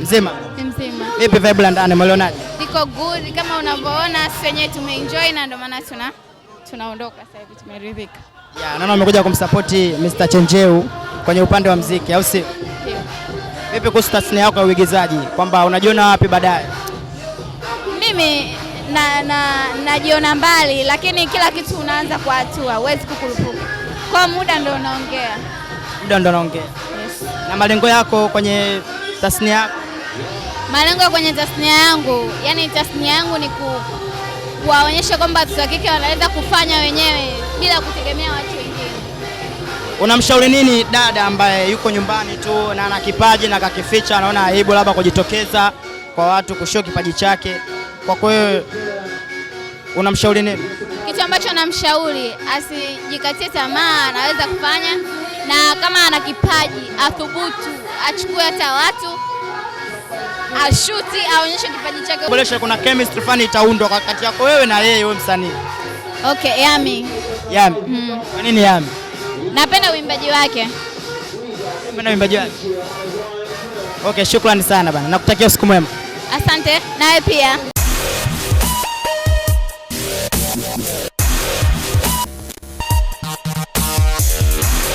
Mzima? Mzima. Vipi vibe la ndani umelionaje? Iko good kama unavyoona sisi wenyewe tumeenjoy na ndio maana tuna tunaondoka sasa hivi tumeridhika. Yeah, naona umekuja kumsupport Mr. Chenjeu kwenye upande wa muziki au si? Ndio. Vipi kuhusu tasnia yako ya uigizaji kwamba unajiona wapi baadaye? Mimi na na najiona mbali, lakini kila kitu unaanza kwa hatua, huwezi kukurupuka. Kwa muda ndio unaongea, muda ndio unaongea. Yes. Na malengo yako kwenye tasnia yako Malengo kwenye tasnia yangu, yani tasnia yangu ni kuwaonyesha kwamba watoto wa kike wanaweza kufanya wenyewe bila kutegemea watu wengine. Unamshauri nini dada ambaye yuko nyumbani tu na ana kipaji na kakificha, anaona aibu labda kujitokeza kwa watu kushio kipaji chake? Kwa kweli unamshauri nini? Kitu ambacho namshauri asijikatie tamaa, anaweza kufanya, na kama ana kipaji athubutu, achukue hata watu ashuti, aonyeshe kipaji chake, boresha. Kuna chemistry fani itaundwa kati yako wewe na yeye, wewe msanii. Okay, Yami. Yami. Mm. Kwa nini Yami? Napenda uimbaji wake. Napenda uimbaji wake. Okay, shukrani sana bana. Nakutakia siku mwema. Asante, nawe pia.